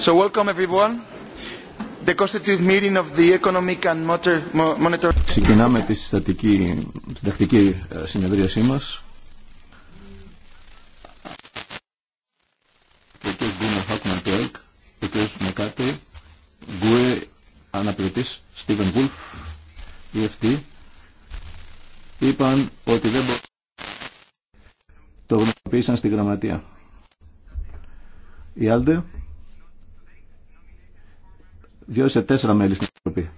So welcome everyone. Ξεκινάμε τη συστατική συντακτική ε, συνεδρίασή μας. Ο κ. Γκουέ αναπληρωτής Στίβεν Βούλφ, e είπαν ότι δεν το γνωστοποίησαν στη γραμματεία. Η δύο σε τέσσερα μέλη στην Επιτροπή.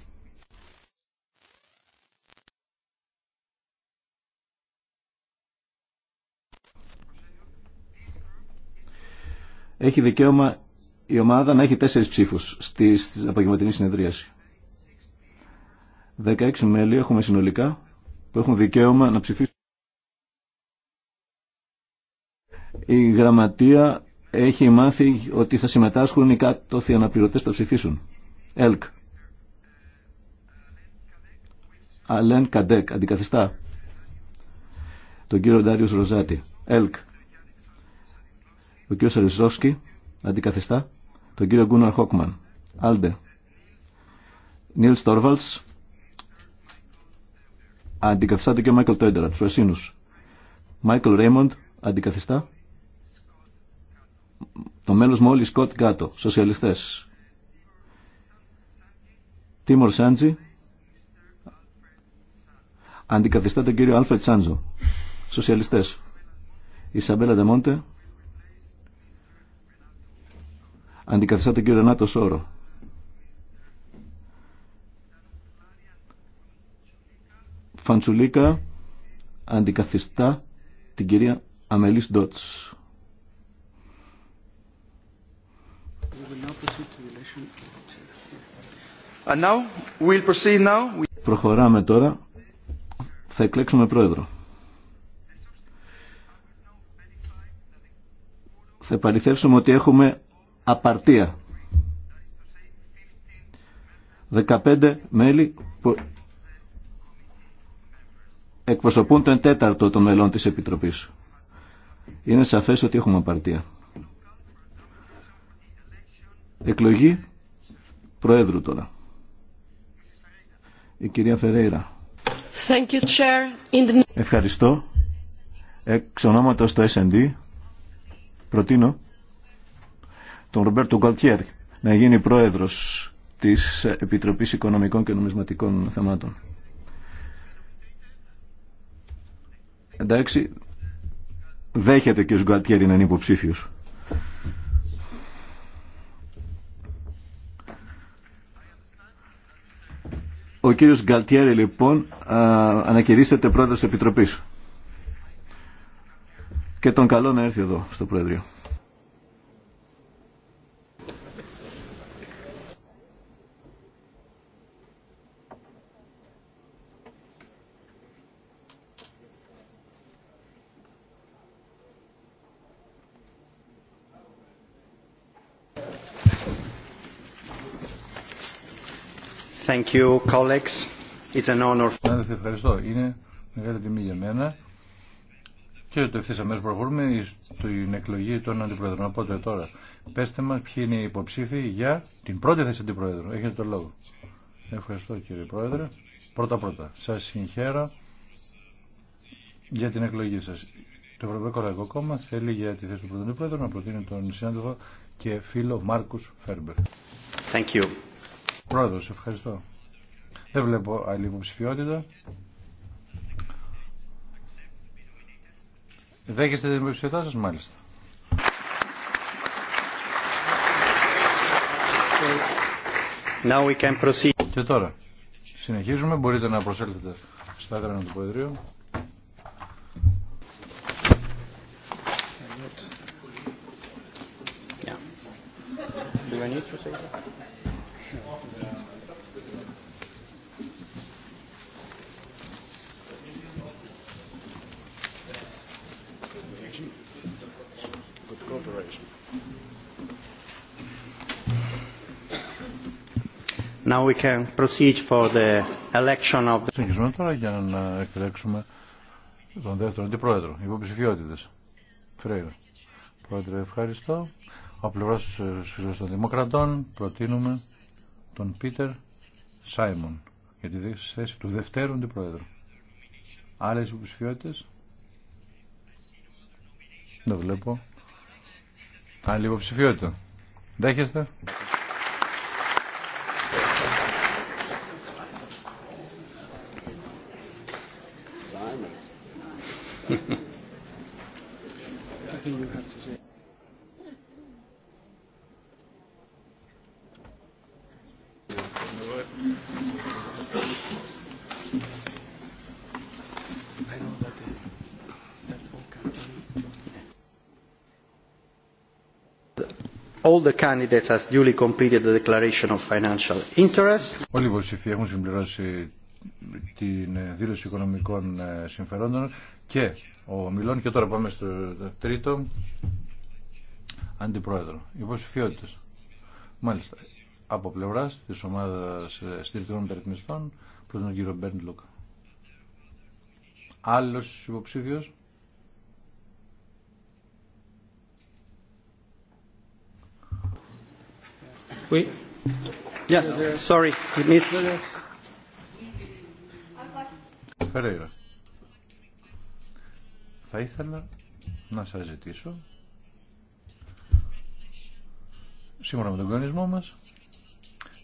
Έχει δικαίωμα η ομάδα να έχει τέσσερις ψήφους στη, στη απογευματινή συνεδρίαση. 16 μέλη έχουμε συνολικά που έχουν δικαίωμα να ψηφίσουν. Η γραμματεία έχει μάθει ότι θα συμμετάσχουν οι κάτωθοι αναπληρωτές που θα ψηφίσουν. ΕΛΚ. Αλέν Καντέκ, αντικαθιστά. Τον κύριο Ντάριος Ροζάτη, ΕΛΚ. Ο κύριο Αριζόφσκι, αντικαθιστά. Τον κύριο Γκούναρ Χόκμαν, Άλντε. Νίλ Στόρβαλτς, αντικαθιστά τον κύριο Μάικλ Τόιντερα, του Ρεσίνου. Μάικλ Ρέιμοντ, αντικαθιστά. Το μέλο μόλι Σκοτ Γκάτο, σοσιαλιστέ Τίμορ Σάντζι, αντικαθιστά τον κύριο Άλφρετ Σάντζο. Σοσιαλιστές. Ισαμπέλα Ντεμόντε αντικαθιστά τον κύριο Νάτο Σόρο. Φαντσουλίκα αντικαθιστά την κυρία Αμελής Ντότς. Προχωράμε τώρα. Θα εκλέξουμε πρόεδρο. Θα επαληθεύσουμε ότι έχουμε απαρτία. 15 μέλη που εκπροσωπούν τον τέταρτο των μελών της Επιτροπής. Είναι σαφές ότι έχουμε απαρτία. Εκλογή Προέδρου τώρα. Η κυρία Φερέιρα. Ευχαριστώ. Εξ ονόματος του S&D προτείνω τον Ρομπέρτο Γκαλτιέρ να γίνει πρόεδρος της Επιτροπής Οικονομικών και Νομισματικών Θεμάτων. Εντάξει, δέχεται και ο Σγκουατιέρη να είναι υποψήφιος. Ο κύριος Γκαλτιέρη λοιπόν ανακηρύσσεται πρόεδρος της Επιτροπής. Και τον καλό να έρθει εδώ στο πρόεδριο. Thank you, Ευχαριστώ. Είναι μεγάλη τιμή για μένα. Και το ευθύ αμέσω προχωρούμε στην εκλογή των αντιπρόεδρων. Οπότε τώρα, πέστε μα ποιοι είναι οι υποψήφοι για την πρώτη θέση αντιπρόεδρου. Έχετε το λόγο. Ευχαριστώ κύριε Πρόεδρε. Πρώτα πρώτα, σα συγχαίρω για την εκλογή σα. Το Ευρωπαϊκό Λαϊκό Κόμμα θέλει για τη θέση του πρώτου αντιπρόεδρου να προτείνει τον συνάδελφο και φίλο Μάρκου Φέρμπερ. Thank Πρόεδρος, ευχαριστώ. Δεν βλέπω άλλη υποψηφιότητα. Δέχεστε την υποψηφιότητά σας, μάλιστα. Now we can proceed. Και τώρα, συνεχίζουμε. Μπορείτε να προσέλθετε στα έδρανα του Προεδρείου. Yeah. Do I need Now Συνεχίζουμε τώρα για να εκλέξουμε τον δεύτερο αντιπρόεδρο, υποψηφιότητε. Φρέιρα. Πρόεδρε, ευχαριστώ. Από πλευρά των Δημοκρατών προτείνουμε τον Πίτερ Σάιμον για τη θέση του δευτέρου αντιπρόεδρου. Άλλε υποψηφιότητε. Δεν βλέπω. Άλλη υποψηφιότητα. Δέχεστε. All the candidates duly completed the declaration of financial interest. Όλοι οι υποψηφοί έχουν συμπληρώσει την δήλωση οικονομικών ε, συμφερόντων και ο Μιλών και τώρα πάμε στο τρίτο αντιπρόεδρο. Υποψηφιότητε. Μάλιστα. Από πλευρά τη ομάδα ε, στήρικτων μεταρρυθμιστών προ τον κύριο Μπέρντ Λουκ. Άλλο υποψήφιο. Oui. Θα ήθελα να σας ζητήσω σύμφωνα με τον κανονισμό μας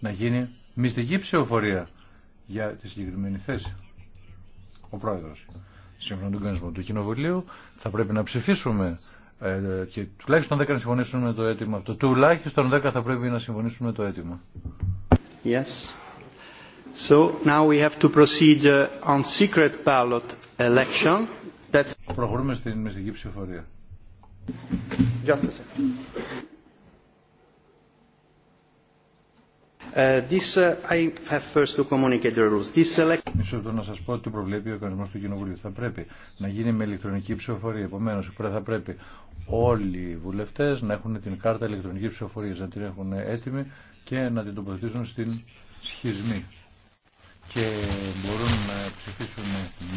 να γίνει μυστική ψηφοφορία για τη συγκεκριμένη θέση. Ο πρόεδρος. Σύμφωνα με τον κανονισμό του Κοινοβουλίου θα πρέπει να ψηφίσουμε ε, και τουλάχιστον 10 να συμφωνήσουν με το αίτημα αυτό. Τουλάχιστον 10 θα πρέπει να συμφωνήσουν με το αίτημα. Yes. So now we have to proceed uh, on secret ballot election. That's... Προχωρούμε στην μυστική ψηφορία. Just a This, I first να σας πω ότι προβλέπει ο του Κοινοβουλίου. Θα πρέπει να γίνει με ηλεκτρονική ψηφοφορία. Επομένως, θα πρέπει όλοι οι βουλευτές να έχουν την κάρτα ηλεκτρονική ψηφοφορία, να την έχουν έτοιμη και να την τοποθετήσουν στην σχισμή. Και μπορούν να ψηφίσουν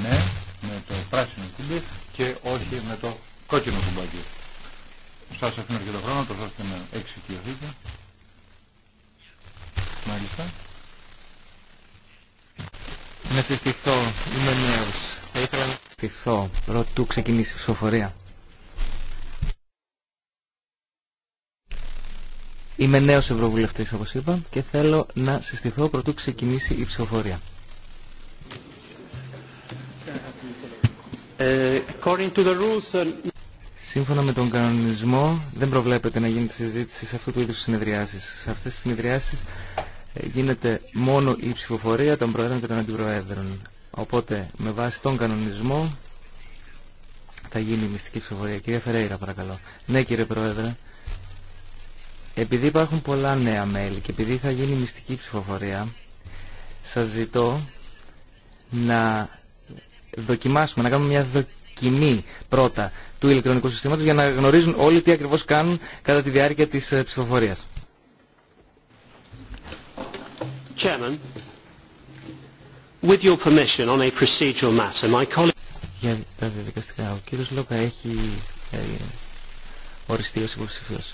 ναι με το πράσινο κουμπί και όχι με το κόκκινο κουμπάκι. Σας αφήνω και το χρόνο, το ώστε να εξοικειωθείτε. Να συστηθώ, είμαι νέος. Θα ήθελα να συστηθώ, ρωτού ξεκινήσει η ψηφοφορία. Είμαι νέος ευρωβουλευτής όπως είπα και θέλω να συστηθώ πρωτού ξεκινήσει η ψηφοφορία. Ε, according to the uh, Σύμφωνα με τον κανονισμό δεν προβλέπεται να γίνεται συζήτηση σε αυτού του είδους συνεδριάσεις. Σε αυτές τις συνεδριάσεις γίνεται μόνο η ψηφοφορία των Προέδρων και των Αντιπροέδρων. Οπότε με βάση τον κανονισμό θα γίνει η μυστική ψηφοφορία. Κυρία Φερέιρα παρακαλώ. Ναι κύριε Πρόεδρε. Επειδή υπάρχουν πολλά νέα μέλη και επειδή θα γίνει μυστική ψηφοφορία, σας ζητώ να δοκιμάσουμε, να κάνουμε μια δοκιμή πρώτα του ηλεκτρονικού συστήματος για να γνωρίζουν όλοι τι ακριβώς κάνουν κατά τη διάρκεια της ε, ψηφοφορίας. Chairman, with your permission, on a procedural matter, my Για τα διαδικαστικά, ο κύριο Λόκα έχει ε, οριστεί ως υποψηφίος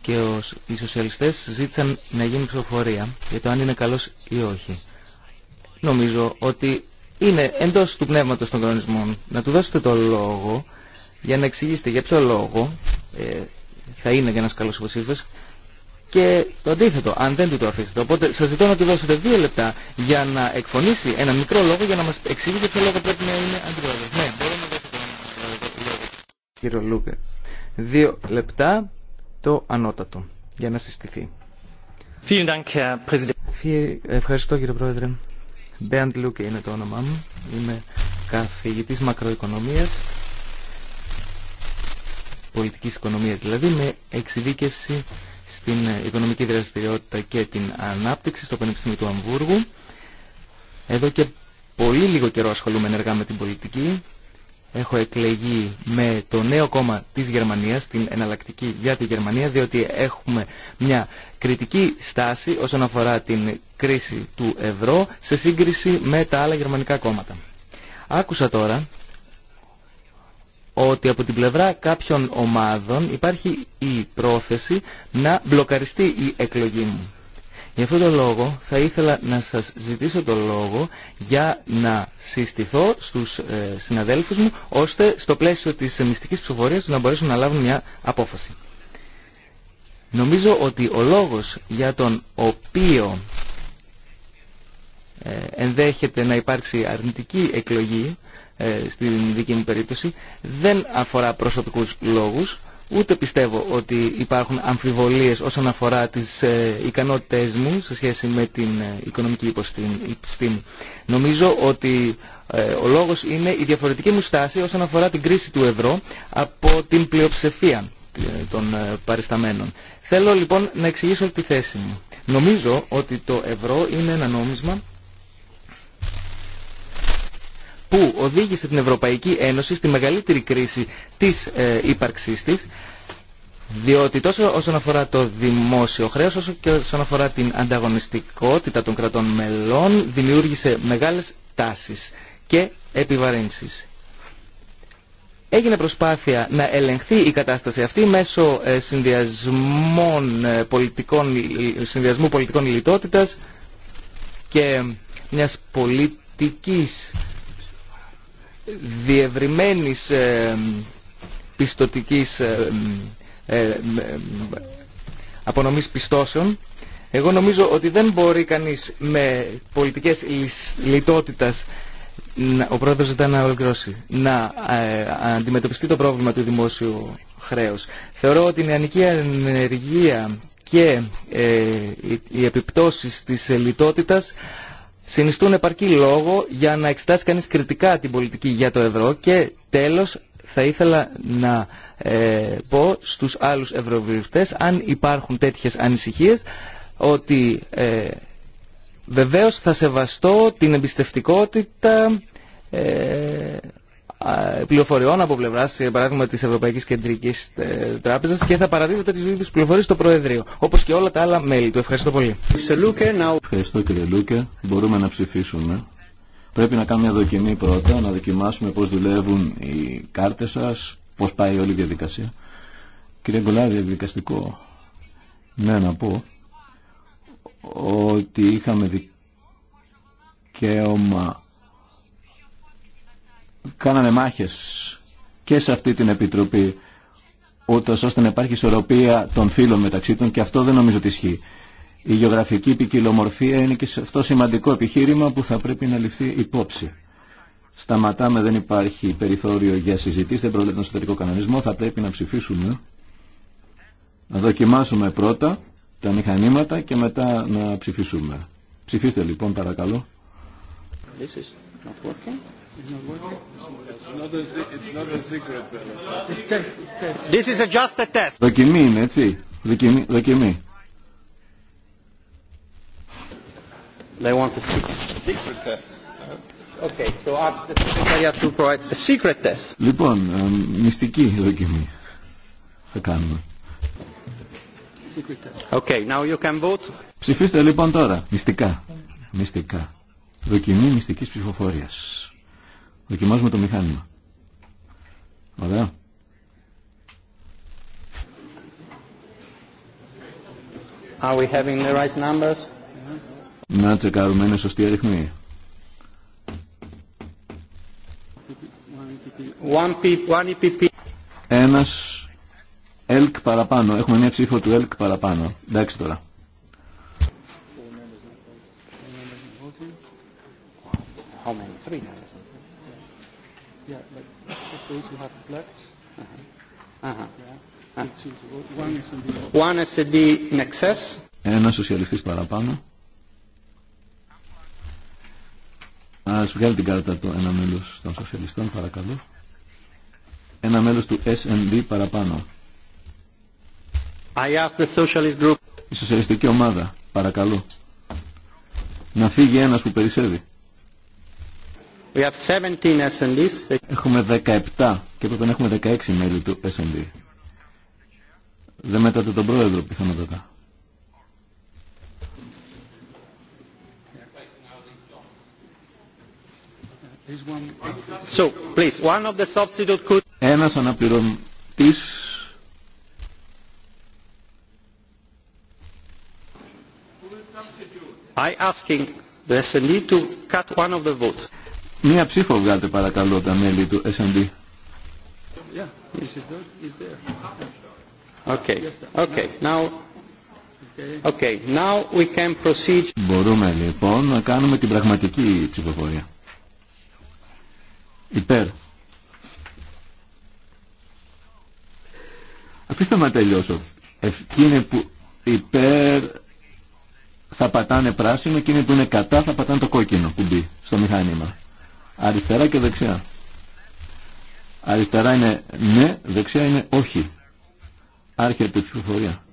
και ως, οι σοσιαλιστέ ζήτησαν να γίνει ψηφοφορία για το αν είναι καλό ή όχι. Νομίζω ότι είναι εντό του πνεύματο των κανονισμών να του δώσετε το λόγο για να εξηγήσετε για ποιο λόγο ε, θα είναι για ένας καλός υποψήφιος και το αντίθετο, αν δεν του το αφήσετε. Οπότε σα ζητώ να του δώσετε δύο λεπτά για να εκφωνήσει ένα μικρό λόγο για να μα εξηγήσει ποιο λόγο πρέπει να είναι αντιπρόεδρο. Ναι, μπορώ να δώσω τον λόγο. Κύριο Λούκα, δύο λεπτά το ανώτατο για να συστηθεί. Ευχαριστώ κύριε Πρόεδρε. Μπέαντ Λούκε είναι το όνομά μου. Είμαι καθηγητής μακροοικονομίας πολιτικής οικονομίας δηλαδή με εξειδίκευση στην οικονομική δραστηριότητα και την ανάπτυξη στο Πανεπιστήμιο του Αμβούργου. Εδώ και πολύ λίγο καιρό ασχολούμαι ενεργά με την πολιτική. Έχω εκλεγεί με το νέο κόμμα της Γερμανίας, την εναλλακτική για τη Γερμανία, διότι έχουμε μια κριτική στάση όσον αφορά την κρίση του ευρώ σε σύγκριση με τα άλλα γερμανικά κόμματα. Άκουσα τώρα ότι από την πλευρά κάποιων ομάδων υπάρχει η πρόθεση να μπλοκαριστεί η εκλογή μου. Γι' αυτόν τον λόγο θα ήθελα να σας ζητήσω τον λόγο για να συστηθώ στους ε, συναδέλφους μου ώστε στο πλαίσιο της μυστικής ψηφοφορίας να μπορέσουν να λάβουν μια απόφαση. Νομίζω ότι ο λόγος για τον οποίο ε, ενδέχεται να υπάρξει αρνητική εκλογή ε, στην δική μου περίπτωση δεν αφορά προσωπικούς λόγους ούτε πιστεύω ότι υπάρχουν αμφιβολίες όσον αφορά τις ε, ικανότητες μου σε σχέση με την ε, οικονομική υποστήμη. Νομίζω ότι ο λόγος είναι η διαφορετική μου στάση όσον αφορά την κρίση του ευρώ από την πλειοψηφία των παρισταμένων. Θέλω λοιπόν να εξηγήσω τη θέση μου. Νομίζω ότι το ευρώ είναι ένα νόμισμα που οδήγησε την Ευρωπαϊκή Ένωση στη μεγαλύτερη κρίση της ε, ύπαρξής της διότι τόσο όσον αφορά το δημόσιο χρέος όσο και όσον αφορά την ανταγωνιστικότητα των κρατών μελών δημιούργησε μεγάλες τάσεις και επιβαρύνσεις. Έγινε προσπάθεια να ελεγχθεί η κατάσταση αυτή μέσω ε, συνδυασμών ε, πολιτικών, συνδυασμού πολιτικών λιτότητας και μιας πολιτικής διευρυμένης ε, πιστοτικής ε, ε, απονομής πιστώσεων εγώ νομίζω ότι δεν μπορεί κανείς με πολιτικές λιτότητας ο πρόεδρος ζητά να ολοκληρώσει να αντιμετωπιστεί το πρόβλημα του δημόσιου χρέους. Θεωρώ ότι η νεανική ενεργία και οι επιπτώσεις της λιτότητας συνιστούν επαρκή λόγο για να εξετάσει κανείς κριτικά την πολιτική για το ευρώ και τέλος θα ήθελα να ε, πω στους άλλους ευρωβουλευτές αν υπάρχουν τέτοιες ανησυχίες ότι ε, βεβαίως θα σεβαστώ την εμπιστευτικότητα ε, πληροφοριών από πλευρά, παράδειγμα, τη Ευρωπαϊκή Κεντρική ε, Τράπεζα και θα παραδίδεται τι ίδιε πληροφορίε στο Προεδρείο, όπω και όλα τα άλλα μέλη του. Ευχαριστώ πολύ. Ευχαριστώ κύριε Λούκε. Μπορούμε να ψηφίσουμε. Πρέπει να κάνουμε μια δοκιμή πρώτα, να δοκιμάσουμε πώ δουλεύουν οι κάρτε σα, πώ πάει όλη η διαδικασία. Κύριε Γκολάρη, διαδικαστικό. Ναι, να πω ότι είχαμε δικαίωμα κάναμε μάχες και σε αυτή την Επιτροπή ούτως ώστε να υπάρχει ισορροπία των φίλων μεταξύ των και αυτό δεν νομίζω ότι ισχύει. Η γεωγραφική ποικιλομορφία είναι και σε αυτό σημαντικό επιχείρημα που θα πρέπει να ληφθεί υπόψη. Σταματάμε, δεν υπάρχει περιθώριο για συζητήσεις, δεν προβλέπει τον εσωτερικό κανονισμό, θα πρέπει να ψηφίσουμε, να δοκιμάσουμε πρώτα τα μηχανήματα και μετά να ψηφίσουμε. Ψηφίστε λοιπόν παρακαλώ. This is just a test. Δοκιμή είναι, έτσι. Δοκιμή. δοκιμή. Λοιπόν, μυστική δοκιμή θα κάνουμε. Ψηφίστε λοιπόν τώρα, μυστικά. Μυστικά. Δοκιμή μυστικής ψηφοφορίας. Δοκιμάζουμε το μηχάνημα. Are we having the right numbers? Να τσεκάρουμε, είναι σωστή αριθμή. E Ένας ΕΛΚ παραπάνω. Έχουμε μια ψήφο του ΕΛΚ παραπάνω. Εντάξει τώρα. One SD παραπάνω. Α βγάλει την κάρτα του ένα μέλο των σοσιαλιστών, παρακαλώ. Ένα μέλο του SND παραπάνω. I ask the socialist group. Η σοσιαλιστική ομάδα, παρακαλώ. Να φύγει ένα που περισσεύει. We have 17 SNDs. Έχουμε 17 και πρέπει να έχουμε 16 μέλη του SND. Δεν μετάτε τον πρόεδρο πιθανότατα. So, please, one of the substitute could... Ένας αναπληρωτής I asking the SND to cut one of the vote. Μία ψήφο βγάλτε παρακαλώ τα μέλη του SND. Yeah, this is there. Is there. Μπορούμε λοιπόν να κάνουμε την πραγματική ψηφοφορία. Υπέρ. Αφήστε με να τελειώσω. Εκείνοι που υπέρ θα πατάνε πράσινο, εκείνοι που είναι κατά θα πατάνε το κόκκινο που μπει στο μηχάνημα. Αριστερά και δεξιά. Αριστερά είναι ναι, δεξιά είναι όχι. Άρχεται η ψηφοφορία.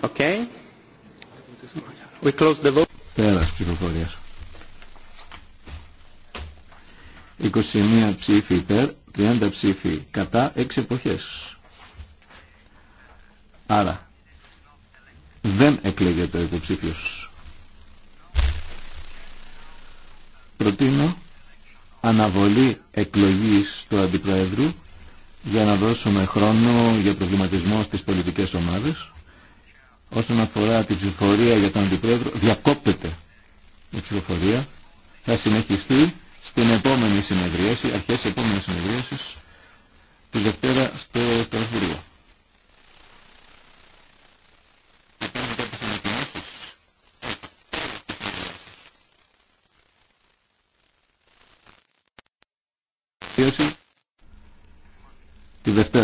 Okay. We close the vote. Πέρας ψηφοφορίας. 21 ψήφοι υπέρ, 30 ψήφοι κατά, 6 εποχές. Άρα, δεν εκλέγεται ο υποψήφιος. αναβολή εκλογής του Αντιπροέδρου για να δώσουμε χρόνο για προβληματισμό στις πολιτικές ομάδες. Όσον αφορά την ψηφοφορία για τον Αντιπρόεδρο, διακόπτεται η ψηφοφορία. Θα συνεχιστεί στην επόμενη συνεδρίαση, αρχές επόμενης συνεδρίασης, τη Δευτέρα στο Στρασβούργο. δημοσίευση τη Δευτέρα.